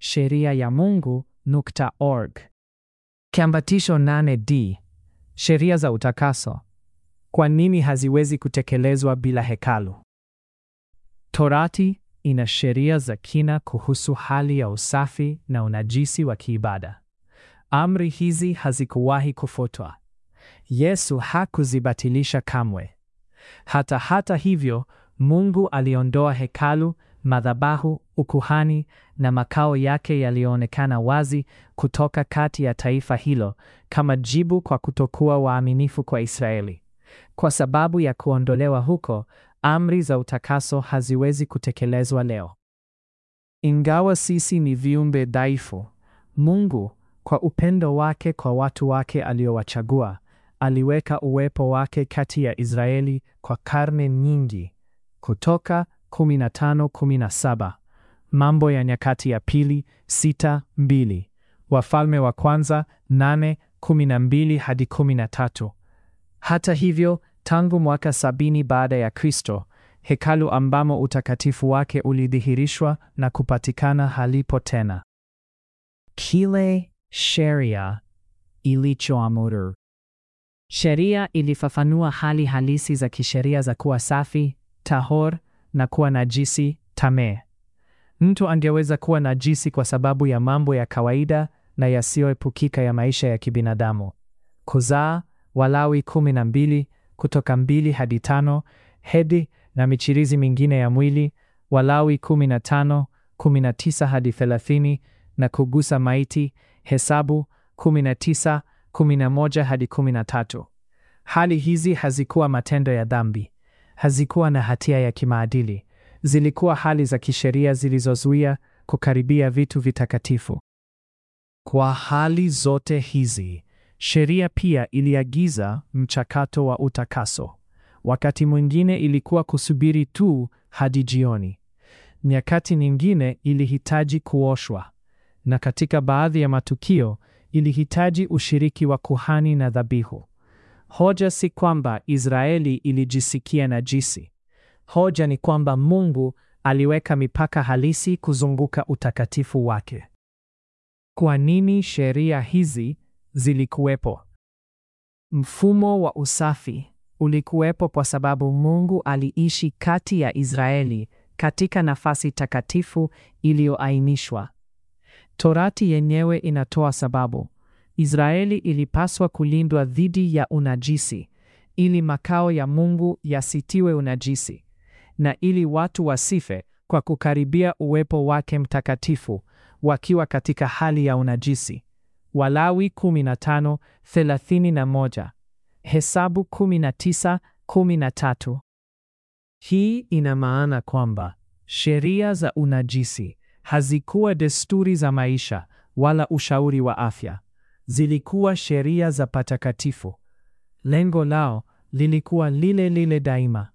sheria ya Mungu nukta org. Kiambatisho 8D: sheria za utakaso. Kwa nini haziwezi kutekelezwa bila hekalu? Torati ina sheria za kina kuhusu hali ya usafi na unajisi wa kiibada. Amri hizi hazikuwahi kufuatwa. Yesu hakuzibatilisha kamwe. Hata hata hivyo, Mungu aliondoa hekalu, madhabahu ukuhani na makao yake yaliyoonekana wazi kutoka kati ya taifa hilo kama jibu kwa kutokuwa waaminifu kwa Israeli. Kwa sababu ya kuondolewa huko, amri za utakaso haziwezi kutekelezwa leo. Ingawa sisi ni viumbe dhaifu, Mungu kwa upendo wake kwa watu wake aliowachagua, aliweka uwepo wake kati ya Israeli kwa karne nyingi, Kutoka 15:17. Mambo ya Nyakati ya Pili sita mbili Wafalme wa Kwanza nane kumi na mbili hadi kumi na tatu. Hata hivyo, tangu mwaka sabini baada ya Kristo, hekalu ambamo utakatifu wake ulidhihirishwa na kupatikana halipo tena. Kile sheria ilichoamuru. Sheria ilifafanua hali halisi za kisheria za kuwa safi tahor na kuwa najisi tamee. Mtu angeweza kuwa najisi kwa sababu ya mambo ya kawaida na yasiyoepukika ya maisha ya kibinadamu. Kuzaa, Walawi 12 kutoka 2 hadi 5, hedhi na michirizi mingine ya mwili, Walawi 15 19 hadi 30, na kugusa maiti, Hesabu 19 11 hadi 13. Hali hizi hazikuwa matendo ya dhambi, hazikuwa na hatia ya kimaadili zilikuwa hali za kisheria zilizozuia kukaribia vitu vitakatifu. Kwa hali zote hizi, sheria pia iliagiza mchakato wa utakaso. Wakati mwingine ilikuwa kusubiri tu hadi jioni. Nyakati nyingine ilihitaji kuoshwa, na katika baadhi ya matukio ilihitaji ushiriki wa kuhani na dhabihu. Hoja si kwamba Israeli ilijisikia najisi, Hoja ni kwamba Mungu aliweka mipaka halisi kuzunguka utakatifu wake. Kwa nini sheria hizi zilikuwepo? Mfumo wa usafi ulikuwepo kwa sababu Mungu aliishi kati ya Israeli katika nafasi takatifu iliyoainishwa. Torati yenyewe inatoa sababu. Israeli ilipaswa kulindwa dhidi ya unajisi ili makao ya Mungu yasitiwe unajisi na ili watu wasife kwa kukaribia uwepo wake mtakatifu wakiwa katika hali ya unajisi. Walawi 15:31, Hesabu 19:13. Hii ina maana kwamba sheria za unajisi hazikuwa desturi za maisha wala ushauri wa afya. Zilikuwa sheria za patakatifu. Lengo lao lilikuwa lile lile daima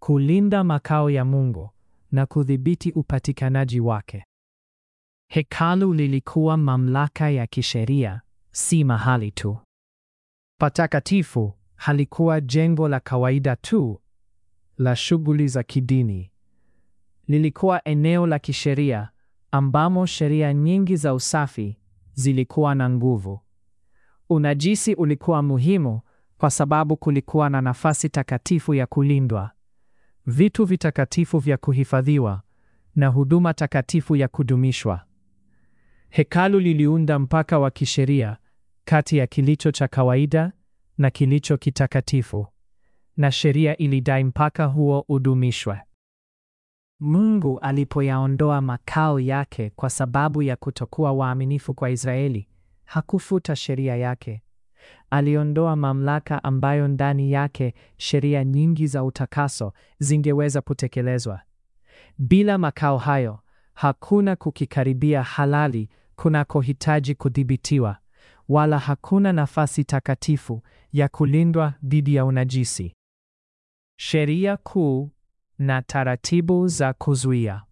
kulinda makao ya Mungu na kudhibiti upatikanaji wake. Hekalu lilikuwa mamlaka ya kisheria, si mahali tu. Patakatifu halikuwa jengo la kawaida tu la shughuli za kidini. Lilikuwa eneo la kisheria ambamo sheria nyingi za usafi zilikuwa na nguvu. Unajisi ulikuwa muhimu kwa sababu kulikuwa na nafasi takatifu ya kulindwa vitu vitakatifu vya kuhifadhiwa na huduma takatifu ya kudumishwa. Hekalu liliunda mpaka wa kisheria kati ya kilicho cha kawaida na kilicho kitakatifu, na sheria ilidai mpaka huo udumishwe. Mungu alipoyaondoa makao yake kwa sababu ya kutokuwa waaminifu kwa Israeli, hakufuta sheria yake, aliondoa mamlaka ambayo ndani yake sheria nyingi za utakaso zingeweza kutekelezwa. Bila makao hayo, hakuna kukikaribia halali kunakohitaji kudhibitiwa, wala hakuna nafasi takatifu ya kulindwa dhidi ya unajisi. Sheria kuu na taratibu za kuzuia.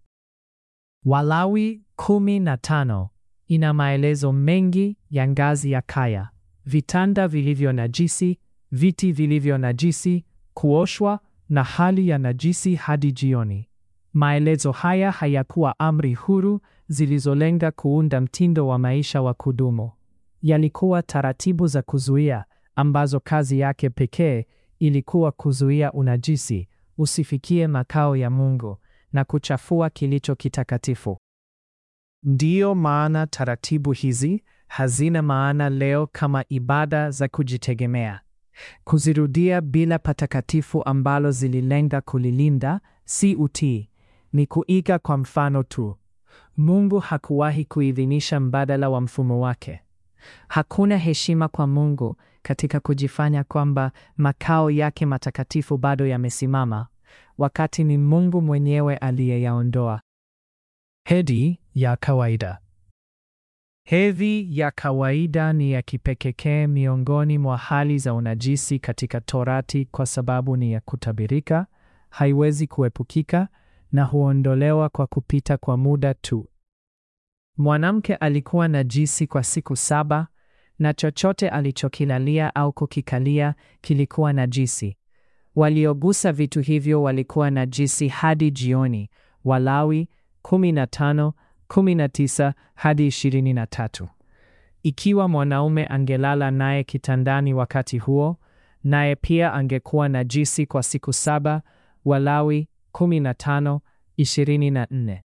Walawi 15 ina maelezo mengi ya ngazi ya kaya vitanda vilivyo najisi, viti vilivyo najisi, kuoshwa na hali ya najisi hadi jioni. Maelezo haya hayakuwa amri huru zilizolenga kuunda mtindo wa maisha wa kudumu. Yalikuwa taratibu za kuzuia ambazo kazi yake pekee ilikuwa kuzuia unajisi usifikie makao ya Mungu na kuchafua kilicho kitakatifu. Ndiyo maana taratibu hizi hazina maana leo kama ibada za kujitegemea. Kuzirudia bila patakatifu ambalo zililenga kulilinda si utii, ni kuiga kwa mfano tu. Mungu hakuwahi kuidhinisha mbadala wa mfumo wake. Hakuna heshima kwa Mungu katika kujifanya kwamba makao yake matakatifu bado yamesimama, wakati ni Mungu mwenyewe aliyeyaondoa. Hedi ya kawaida. Hedhi ya kawaida ni ya kipekee miongoni mwa hali za unajisi katika Torati kwa sababu ni ya kutabirika, haiwezi kuepukika na huondolewa kwa kupita kwa muda tu. Mwanamke alikuwa najisi kwa siku saba na chochote alichokilalia au kukikalia kilikuwa najisi. Waliogusa vitu hivyo walikuwa najisi hadi jioni. Walawi 15 19 hadi 23. Ikiwa mwanaume angelala naye kitandani wakati huo, naye pia angekuwa najisi kwa siku saba. Walawi 15:24.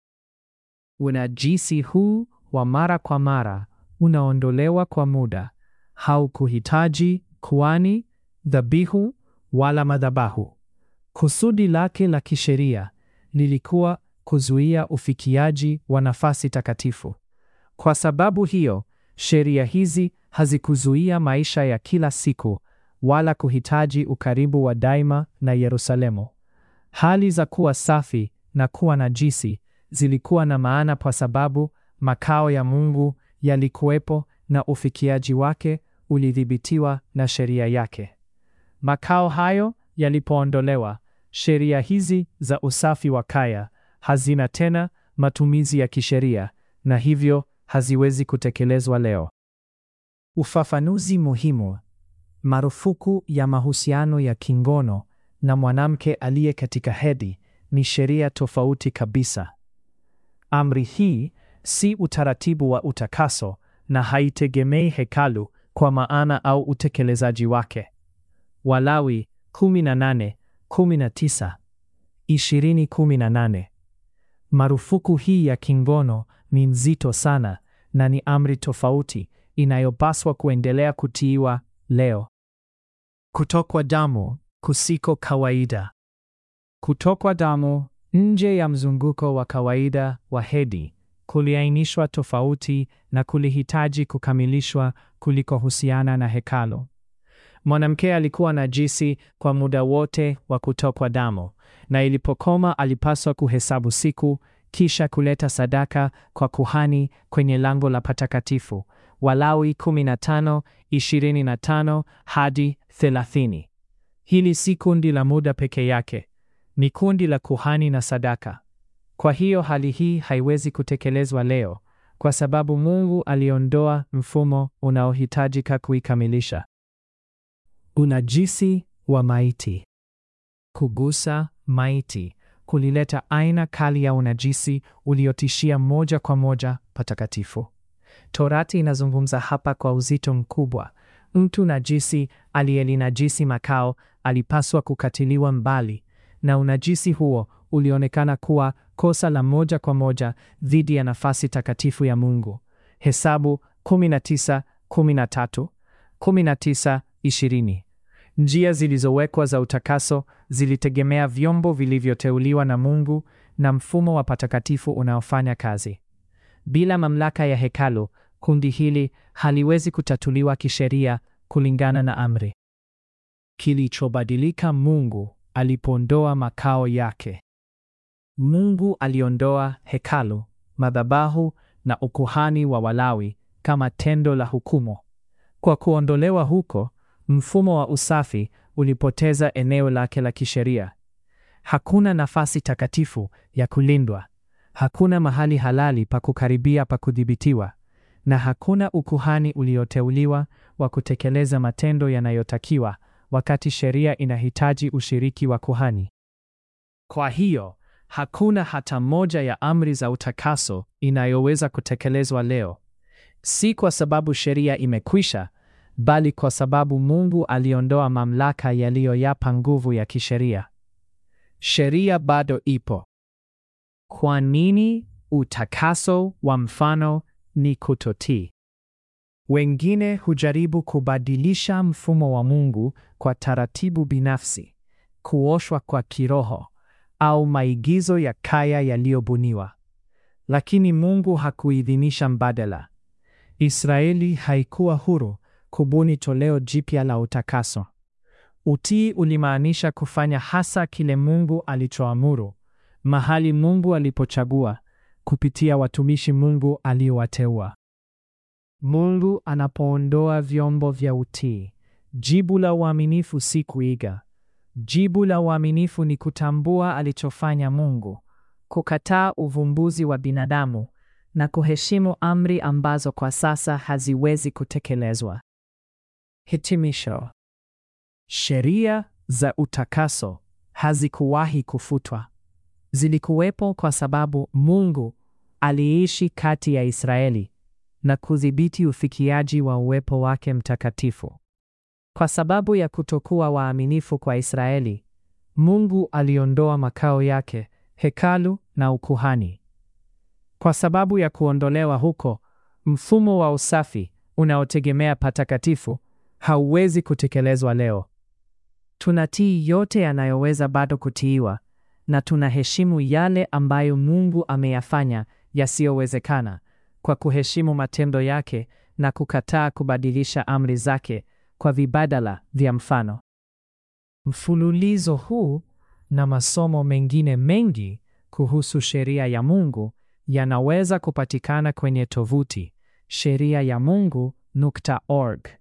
Unajisi huu wa mara kwa mara unaondolewa kwa muda, haukuhitaji kuani dhabihu wala madhabahu. Kusudi lake la kisheria lilikuwa kuzuia ufikiaji wa nafasi takatifu. Kwa sababu hiyo, sheria hizi hazikuzuia maisha ya kila siku wala kuhitaji ukaribu wa daima na Yerusalemu. Hali za kuwa safi na kuwa najisi zilikuwa na maana kwa sababu makao ya Mungu yalikuwepo na ufikiaji wake ulidhibitiwa na sheria yake. Makao hayo yalipoondolewa, sheria hizi za usafi wa kaya hazina tena matumizi ya kisheria na hivyo haziwezi kutekelezwa leo. Ufafanuzi muhimu: marufuku ya mahusiano ya kingono na mwanamke aliye katika hedhi ni sheria tofauti kabisa. Amri hii si utaratibu wa utakaso na haitegemei hekalu kwa maana au utekelezaji wake. Walawi 18:19, 20:18. Marufuku hii ya kingono ni nzito sana na ni amri tofauti inayopaswa kuendelea kutiiwa leo. Kutokwa damu kusiko kawaida. Kutokwa damu nje ya mzunguko wa kawaida wa hedhi kuliainishwa tofauti na kulihitaji kukamilishwa kulikohusiana na hekalo. Mwanamke alikuwa najisi kwa muda wote wa kutokwa damu, na ilipokoma alipaswa kuhesabu siku, kisha kuleta sadaka kwa kuhani kwenye lango la patakatifu. Walawi 15, 25 hadi 30. Hili si kundi la muda peke yake, ni kundi la kuhani na sadaka. Kwa hiyo hali hii haiwezi kutekelezwa leo, kwa sababu Mungu aliondoa mfumo unaohitajika kuikamilisha. Unajisi wa maiti. Kugusa maiti kulileta aina kali ya unajisi uliotishia moja kwa moja patakatifu. Torati inazungumza hapa kwa uzito mkubwa. Mtu najisi aliyelinajisi makao alipaswa kukatiliwa mbali, na unajisi huo ulionekana kuwa kosa la moja kwa moja dhidi ya nafasi takatifu ya Mungu. Hesabu 19:13, 19 ishirini. Njia zilizowekwa za utakaso zilitegemea vyombo vilivyoteuliwa na Mungu na mfumo wa patakatifu unaofanya kazi. Bila mamlaka ya hekalu, kundi hili haliwezi kutatuliwa kisheria kulingana na amri. Kilichobadilika Mungu alipoondoa makao yake. Mungu aliondoa hekalu, madhabahu na ukuhani wa Walawi kama tendo la hukumu. Kwa kuondolewa huko, Mfumo wa usafi ulipoteza eneo lake la kisheria. Hakuna nafasi takatifu ya kulindwa, hakuna mahali halali pa kukaribia pa kudhibitiwa, na hakuna ukuhani ulioteuliwa wa kutekeleza matendo yanayotakiwa wakati sheria inahitaji ushiriki wa kuhani. Kwa hiyo, hakuna hata moja ya amri za utakaso inayoweza kutekelezwa leo. Si kwa sababu sheria imekwisha, bali kwa sababu Mungu aliondoa mamlaka yaliyoyapa nguvu ya kisheria. Sheria bado ipo. Kwa nini utakaso wa mfano ni kutotii? Wengine hujaribu kubadilisha mfumo wa Mungu kwa taratibu binafsi, kuoshwa kwa kiroho au maigizo ya kaya yaliyobuniwa. Lakini Mungu hakuidhinisha mbadala. Israeli haikuwa huru, kubuni toleo jipya la utakaso. Utii ulimaanisha kufanya hasa kile Mungu alichoamuru, mahali Mungu alipochagua, kupitia watumishi Mungu aliowateua. Mungu anapoondoa vyombo vya utii, jibu la uaminifu si kuiga. Jibu la uaminifu ni kutambua alichofanya Mungu, kukataa uvumbuzi wa binadamu na kuheshimu amri ambazo kwa sasa haziwezi kutekelezwa. Hitimisho. Sheria za utakaso hazikuwahi kufutwa. Zilikuwepo kwa sababu Mungu aliishi kati ya Israeli na kudhibiti ufikiaji wa uwepo wake mtakatifu. Kwa sababu ya kutokuwa waaminifu kwa Israeli, Mungu aliondoa makao yake, hekalu na ukuhani. Kwa sababu ya kuondolewa huko, mfumo wa usafi unaotegemea patakatifu hauwezi kutekelezwa leo. Tunatii yote yanayoweza bado kutiiwa na tunaheshimu yale ambayo Mungu ameyafanya yasiyowezekana kwa kuheshimu matendo yake na kukataa kubadilisha amri zake kwa vibadala vya mfano. Mfululizo huu na masomo mengine mengi kuhusu sheria ya Mungu yanaweza kupatikana kwenye tovuti sheria ya Mungu.org.